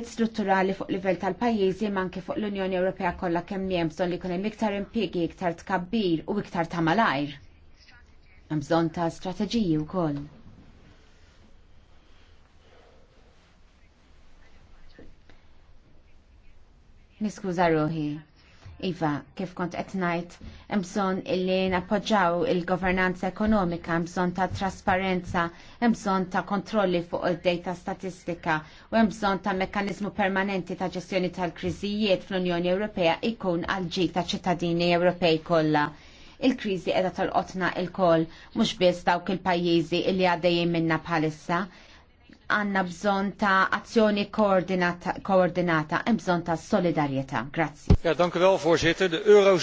strutturali fuq livell tal-pajjiżi manki fuq l-Unjoni Ewropea kollha kemm hemm bżonn li jkun hemm iktar impjiegi, iktar tkabbir u iktar ta' malajr. Hemm bżonn ta' strateġiji wkoll. Niskuża ruħi Iva, kif kont qed ngħid, hemm bżonn illi nappoġġaw il-governanza ekonomika, hemm bżonn ta' trasparenza, hemm ta' kontrolli fuq id-data statistika u hemm bżonn ta' mekkaniżmu permanenti ta' ġestjoni tal-kriżijiet fl-Unjoni Ewropea ikun għal ġi ta' ċittadini Ewropej kollha il-krizi edha tal-qotna il-kol, mux biss dawk il-pajizi illi għaddejjien minna bħalissa, għanna bżon ta' azzjoni koordinata, koordinata bżon ta' solidarieta. Grazzi. Ja, dank u wel, voorzitter. De